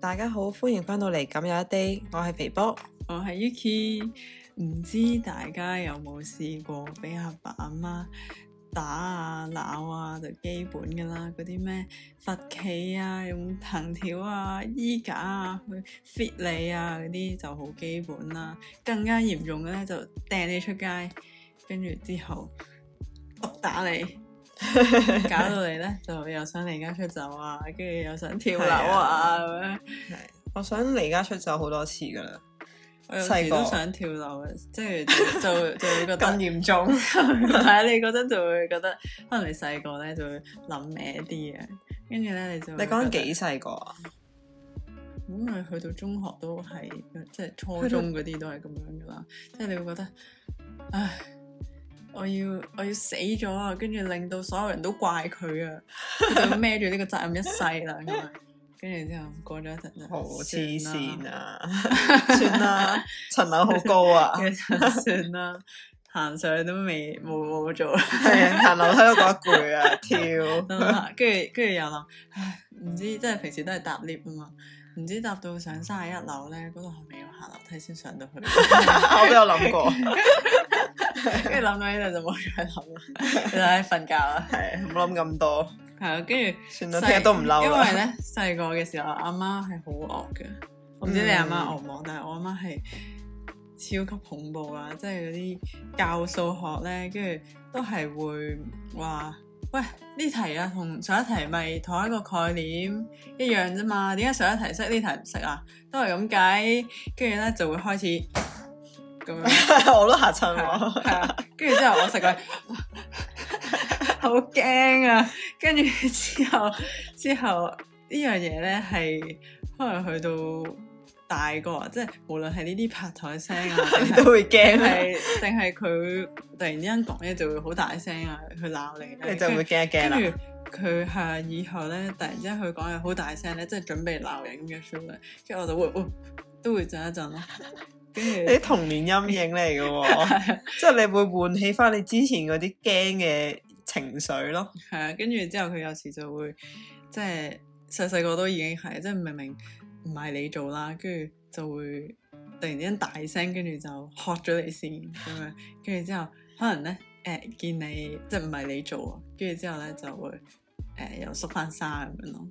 大家好，歡迎翻到嚟《咁有一 day》，我係肥波，我係 Yuki，唔知大家有冇試過俾阿爸阿媽打啊鬧啊，就基本噶啦，嗰啲咩罰企啊，用藤條啊、衣架啊去 fit 你啊，嗰啲就好基本啦。更加嚴重嘅咧，就掟你出街，跟住之後撲打你。 搞到你咧，就又想離家出走啊，跟住又想跳樓啊咁樣。係、啊，我想離家出走好多次噶啦，我細個都想跳樓嘅，即係就是、就，就，就會覺得咁嚴 重。係 你嗰陣就會覺得，可能你細個咧就會諗歪啲啊，跟住咧你就你講緊幾細個啊？咁咪去到中學都係，即、就、係、是、初中嗰啲都係咁樣噶啦，即係到你會覺得，唉。我要我要死咗啊！跟住令到所有人都怪佢啊，就孭住呢個責任一世啦。跟住之後過咗一陣陣，好黐線啊，算啦，層樓好高啊，算啦，行上去都未冇冇做啦，行樓梯都覺得攰啊，跳。跟住跟住又諗，唉，唔知即係平時都係搭 lift 啊嘛。唔知搭到上三十一樓咧，嗰度係咪要下樓梯先上到去？我都有諗過，跟住諗到呢度就冇再諗啦，就喺瞓覺啦，係冇諗咁多。係啊，跟住算啦，聽日都唔嬲。因為咧細個嘅時候，阿媽係好惡嘅，我唔知你阿媽惡唔惡？但係我阿媽係超級恐怖啦，即係嗰啲教數學咧，跟住都係會話哇～喂，呢題啊，同上一題咪同一個概念一樣啫嘛，點解上一題識呢題唔識啊？都係咁解。跟住咧就會開始咁樣，我都嚇親我，係 啊，跟住、啊、之後我食佢， 好驚啊！跟住之後之後呢樣嘢咧係可能去到。大個啊，即係無論係呢啲拍台聲啊， 你都會驚啊，定係佢突然之間講嘢就會好大聲啊，去鬧你， 他你就會驚一驚啦。跟住佢係以後咧，突然之間佢講嘢好大聲咧，即係準備鬧人嘅 feel 咧，跟住我就會、哦、都會震一震咯。跟住啲童年陰影嚟嘅喎， 即係你會喚起翻你之前嗰啲驚嘅情緒咯。係啊，跟住之後佢有時就會即係細細個都已經係即係明明，明。唔係你做啦，跟住就會突然之間大聲，跟住就喝咗你先咁樣，跟住之後可能咧誒、呃、見你即係唔係你做啊，跟住之後咧就會誒、呃、又縮翻沙咁樣咯，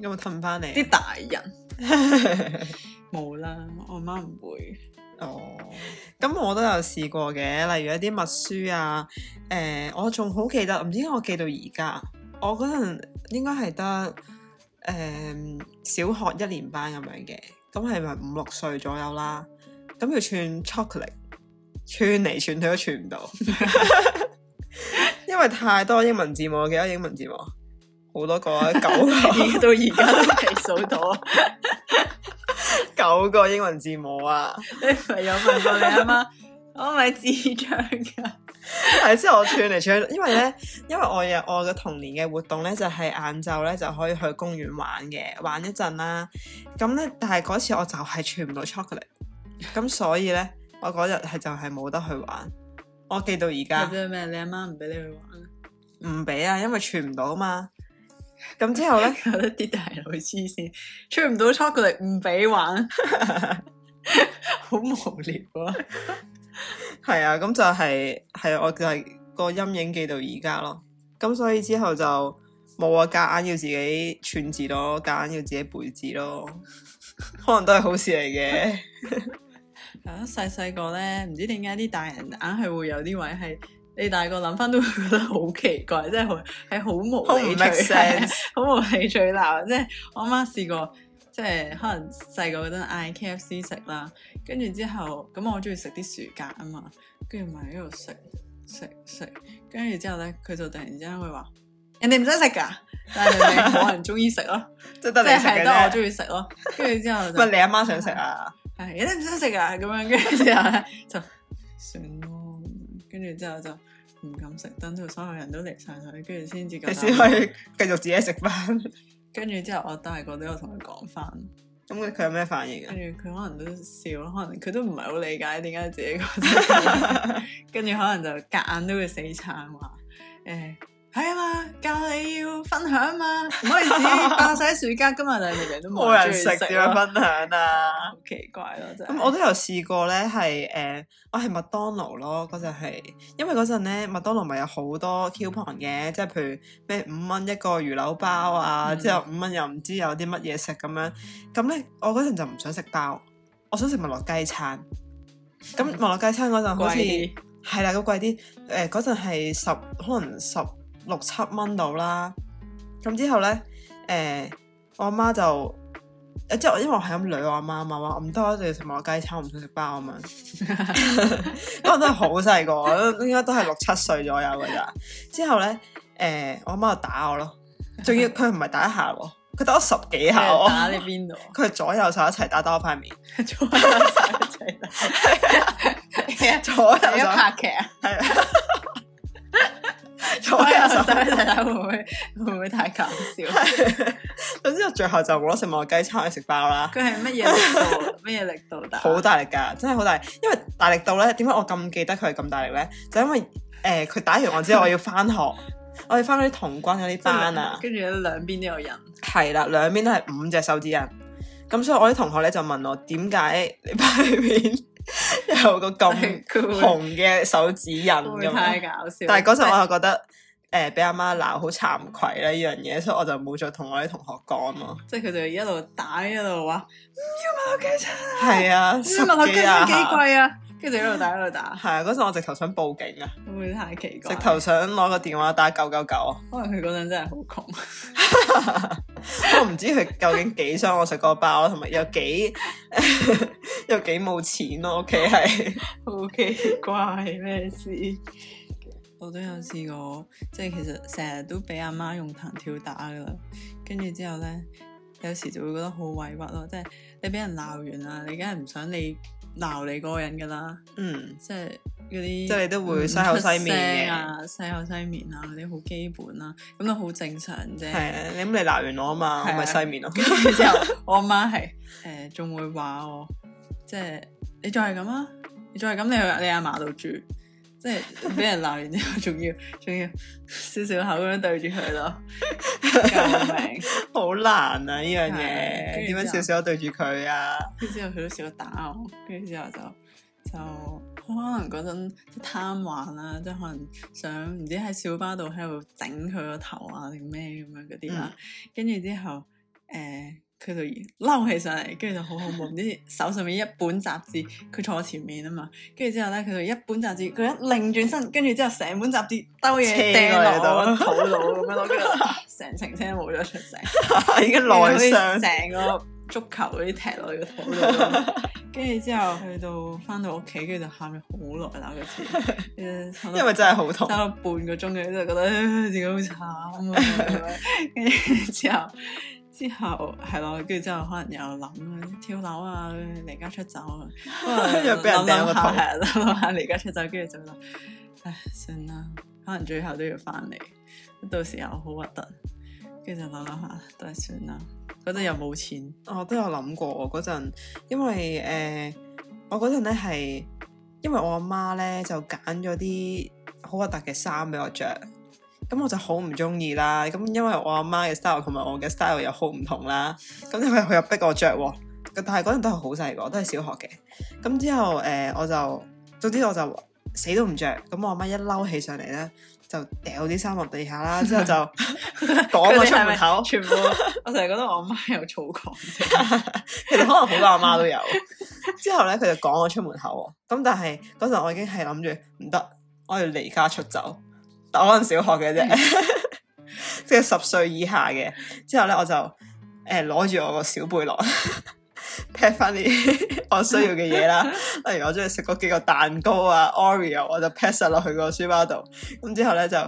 有冇氹翻你？啲大人冇 啦，我媽唔會。哦，咁、哦、我都有試過嘅，例如一啲密書啊，誒、呃、我仲好記得，唔知點解我記到而家，我嗰陣應該係得。誒、uh, 小學一年班咁樣嘅，咁係咪五六歲左右啦？咁要串 chocolate，串嚟串去都串唔到， 因為太多英文字母。幾多英文字母？好多個啊，九個， 到而家都未數到，九 個英文字母啊, 你你啊！你唔係有問過你阿媽？我咪智障噶，係之後我串嚟串去，因為咧，因為我嘅我嘅童年嘅活動咧就係晏晝咧就可以去公園玩嘅，玩一陣啦。咁咧，但係嗰次我就係串唔到 chocolate，咁所以咧，我嗰日係就係冇得去玩。我記到而家。咩？你阿媽唔俾你去玩？唔俾啊，因為串唔到嘛。咁之後咧，有啲啲大佬黐線，串唔到 chocolate 唔俾玩， 好無聊啊！ 係 啊，咁就係、係、係，我就係個陰影記到而家咯。咁所以之後就冇啊，夾硬要自己串字咯，夾硬要自己背字咯， 可能都係好事嚟嘅。啊， 細細個咧，唔知點解啲大人硬係會有啲位係，你大個諗翻都會覺得好奇怪，即係好係好無理出聲，好 無理取鬧。即係我阿媽試過。即係可能細個嗰陣嗌 KFC 食啦，跟住之後咁我中意食啲薯格啊嘛，跟住咪喺度食食食，跟住之後咧佢就突然之間會話： 人哋唔想食噶，但係人哋可能中意食咯，即係得我中意食咯。跟住之後，唔你阿媽想食啊？係人哋唔想食啊咁樣，跟住之後咧就算咯。跟住之後就唔、 啊哎啊、敢食，等到所有人都嚟晒佢，跟住先至咁。你先可以繼續自己食飯。 跟住之後我，我都係覺得我同佢講返，咁佢有咩反應啊？跟住佢可能都笑咯，可能佢都唔係好理解點解自己覺得， 跟住可能就夾硬都會死撐話誒。係啊嘛，教你要分享啊嘛，唔好意思，霸晒 暑假，今日日日都冇人食，點樣 分享啊？好奇怪，啊呃，咯，咁我都有試過咧，係誒，我係麥當勞咯，嗰陣係，因為嗰陣咧麥當勞咪有好多 coupon 嘅，即係譬如咩五蚊一個魚柳包啊，嗯嗯之後五蚊又唔知有啲乜嘢食咁樣。咁咧，我嗰陣就唔想食包，我想食麥樂雞餐。咁麥樂雞餐嗰陣好似係啦，個貴啲，誒，嗰陣係十，可能十。六七蚊到啦，咁之後咧，誒、欸，我阿媽就，誒， 之後因為我係咁撩，我阿媽啊嘛，我唔得啊，就食埋雞炒，唔想食包啊嘛，嗰陣都係好細個，應該都係六七歲左右噶咋，之後咧，誒，我阿媽就打我咯，仲要佢唔係打一下喎，佢打咗十幾下， 打你邊度？佢係左右手一齊打打我塊面，左右手一齊打。拍劇啊，係、哎、啊。哎 坐喺度，睇睇 會唔 會會唔會太搞笑？總之 最後就攞食磨雞餐去食包啦。佢係乜嘢力度？乜嘢 力度大？好大力噶，真係好大力！因為大力度咧，點解我咁記得佢係咁大力咧？就因為誒，佢、呃、打完我之後我要翻學， 我哋翻嗰啲童軍嗰啲 班啊，跟住兩邊都有印，係啦，兩邊都係五隻手指印。咁所以我啲同學咧就問我點解你兩邊？ 有個咁紅嘅手指印咁， 會唔會太搞笑？但係嗰陣我又覺得誒，俾阿媽鬧好慚愧啦，呢樣嘢，所以我就冇再同我啲同學講咯。 即係佢就一路打一，一路話唔要墨盒機出，係啊，墨盒機幾貴啊。跟住喺度打喺度打，係啊！嗰陣我直頭想報警啊，會，會太奇怪？直頭想攞個電話打「九九九」啊！可能佢嗰陣真係好窮， 我唔知佢究竟幾傷我食個包，同埋有幾又幾冇錢咯。屋企係好奇怪咩 事？我都有試過，即係其實成日都俾阿媽，媽用彈跳打噶啦。跟住之後咧，有時就會覺得好委屈咯，即係你俾人鬧完啊，你梗係唔想你。鬧你嗰個人噶啦，嗯，即係嗰啲，即係你都會西口西面嘅，西口、啊、西面啊，嗰啲好基本啦、啊，咁都好正常啫。你咁你鬧完我啊嘛，的我咪西面咯。之 後我阿媽係誒仲會話我，即係你再係咁啊，你再係咁，你去你阿嫲度住。 即係俾人鬧完之後，仲要仲要少少口咁樣對住佢咯，救 命！ 好難啊呢樣嘢，點解少少口對住佢啊？跟之後佢都少咗打我，跟住之後就後就，就、嗯、可能嗰陣貪玩啦、啊，即、就、係、是、可能想唔知喺小巴度喺度整佢個頭啊定咩咁樣嗰啲啦，跟住、啊啊嗯、之後誒。呃佢就嬲起上嚟，跟住就好恐怖。啲手上面一本雜誌，佢坐前面啊嘛。跟住之後咧，佢就一本雜誌，佢一擰轉身，跟住之後成本雜誌兜嘢掟落嚟，到肚度咁樣。跟住成程車冇咗出聲，已經內傷，成個足球嗰啲踢落去個肚度。跟住之後去到翻到屋企，跟住就喊咗好耐啦嗰次。因為真係好痛，差唔多半個鐘嘅，就覺得自己好慘。跟住之後。之後係咯，跟住之後可能又諗，跳樓啊，離家出走啊，跟住又俾人掟個拖鞋啦嘛，離家出走，跟住 就諗，唉，算啦，可能最後都要翻嚟，到時候好核突，跟住就諗諗下，都係算啦。嗰陣又冇錢，我都有諗過，嗰陣因為誒、呃，我嗰陣咧係，因為我阿媽咧就揀咗啲好核突嘅衫俾我着。咁我就好唔中意啦，咁因為我阿媽嘅 style 同埋我嘅 style 又好唔同啦，咁因為佢又逼我着喎、喔，但係嗰陣都係好細個，都係小學嘅。咁之後誒、呃，我就總之我就死都唔着，咁我阿媽一嬲起上嚟咧，就掉啲衫落地下啦，之後就趕 我出門口。是是全部 我成日覺得我阿媽有躁狂， 其實可能好多阿媽都有。之後咧，佢就趕我出門口，咁但係嗰陣我已經係諗住唔得，我要離家出走。我嗰陣小學嘅啫，即係十歲以下嘅。之後咧，我就誒攞住我個小背囊劈 a 翻啲我需要嘅嘢啦。 例如我中意食嗰幾個蛋糕啊，Oreo，我就劈晒落去個書包度。咁、嗯、之後咧就，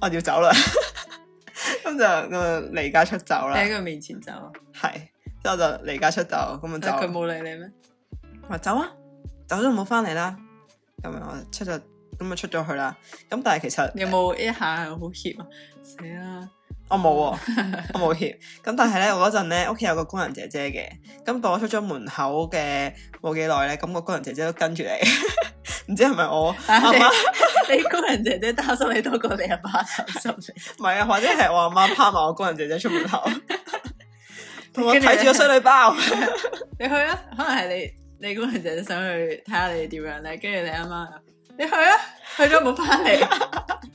我要走啦。咁、 嗯、就我離家出走啦。喺佢面前走、啊。係，之後就離家出走，咁、嗯、就。佢冇理你咩？話走啊，走咗冇翻嚟啦。咁樣，我出咗。咁就出咗去啦。咁但係其實有冇一下好怯啊？死啦、啊！ 我冇，我冇怯。咁但係咧，我嗰陣咧，屋企有個工人姐姐嘅。咁到我出咗門口嘅冇幾耐咧，咁、個工人姐姐都跟住你。唔 知係咪我阿媽？你工人姐姐擔心你多過你阿爸擔心唔係啊， 或者係我阿媽拋埋我工人姐姐出門口，同 我睇住個衰女包。 你去啊？可能係你你工人姐姐想去睇下你點樣咧？跟住你阿媽。你去啊？去咗冇翻嚟？咁、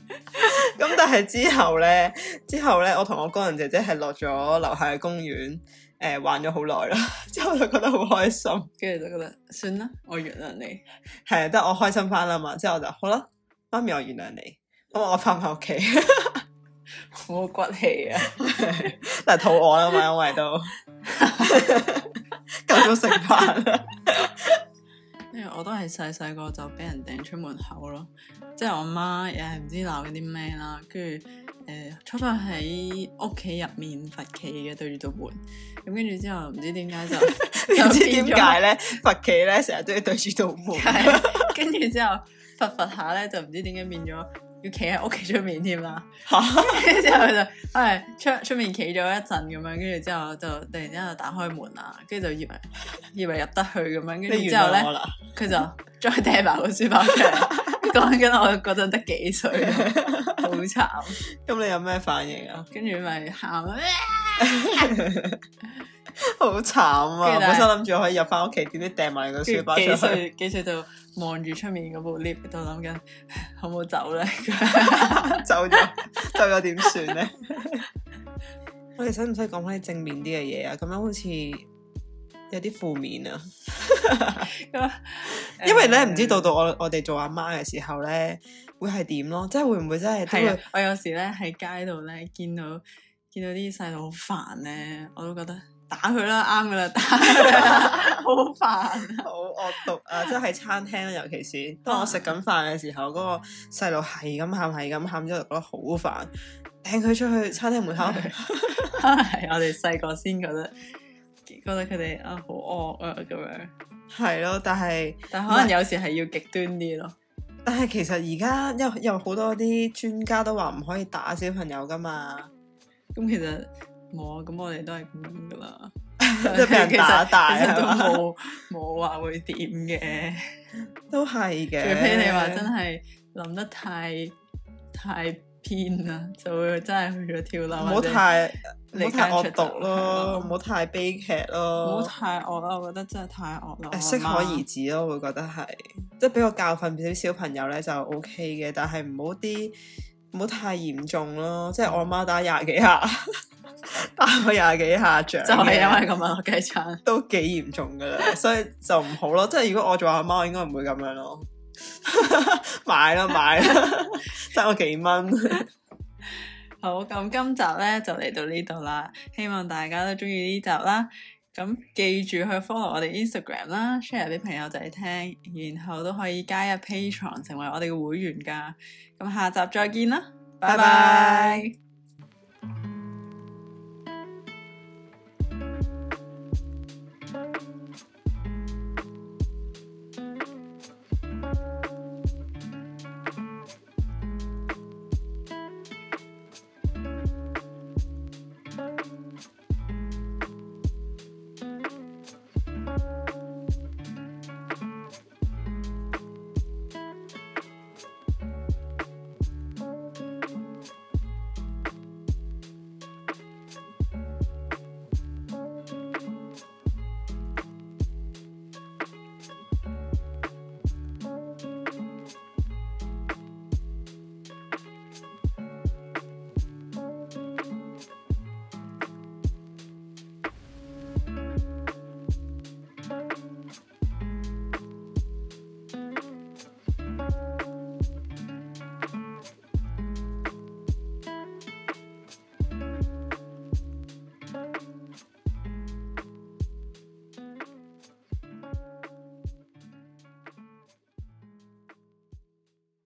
嗯、但係之後咧，之後咧，我同我工人姐姐係落咗樓下，樓下公園，誒、呃、玩咗好耐啦。之後就覺得好開心，跟住就覺得算啦，我原諒你。係得、嗯、我開心翻啦嘛。之後就好啦，媽咪我原諒你。咁我翻唔翻屋企？ 好骨氣啊！但係 肚餓啦嘛，因為都夠咗食飯。 因為我都係細細個就俾人掟出門口咯，即係我媽又係唔知鬧緊啲咩啦，跟住誒，初初喺屋企入面罰企嘅對住道門，咁跟住之後唔知點解就唔 知點解咧罰企咧成日都要對住道門，跟 住之後罰罰下咧就唔知點解變咗。要企喺屋企出面添啦，跟住之後佢就出出面企咗一陣咁樣，跟住之後就突然之間就打開門啦，跟住就以為以為入得去咁樣，跟住之後咧，佢就再掟埋個書包出嚟，講緊 我嗰陣得幾歲，好 慘憐。咁 你有咩反應啊？跟住咪喊啊！好慘 啊！本身諗住可以入翻屋企，點知掟埋個書包出去，幾歲幾歲就望住出面嗰部 lift 度諗緊，好唔好走咧？ 走咗，走咗點算咧？我哋使唔使講翻啲正面啲嘅嘢啊？咁樣好似有啲負面啊！ 因為咧呢唔、嗯、知道到到我我哋做阿媽嘅時候咧，會係點咯？即係會唔會真係？係啊！我有時咧喺街度咧見到見到啲細路，好煩咧，我都覺得。打佢啦，啱噶啦，打佢， 好煩煩、啊，好惡毒啊！即係喺餐廳， 尤其是當我食緊飯嘅時候，嗰、啊、個細路係咁喊，係咁喊，之後就覺得好煩，掟佢出去餐廳門口。係的 我哋細個先覺得，覺得佢哋啊好惡啊咁樣。係咯，但係但，是但可能有時係要極端啲咯。但係其實而家有有好多啲專家都話唔可以打小朋友噶嘛。咁其實。冇啊，咁、嗯、我哋都係咁噶啦，即係俾人打大都冇冇話會點嘅，都係嘅。除非你話真係諗得太太偏啦，就會真係去咗跳樓。唔好太你太惡毒咯，唔好太悲劇咯，唔好太惡啦，惡我覺得真係太惡啦。適可而止咯，會媽覺得係，即係俾個教訓俾啲小朋友咧就 OK 嘅，但係唔好啲。唔好太嚴重咯，即係我阿媽打廿幾下， 打我廿幾下賬，就係因為咁我雞腸都幾嚴重噶啦， 所以就唔好咯。即係如果我做阿媽，我應該唔會咁樣咯。 買啦買啦，得 我幾蚊。 好，咁今集咧就嚟到呢度啦，希望大家都中意呢集啦。咁記住去 follow 我哋 Instagram 啦，share 俾朋友仔聽，然後都可以加入 Patreon 成為我哋嘅會員噶。咁下集再見啦，拜拜 bye。Bye bye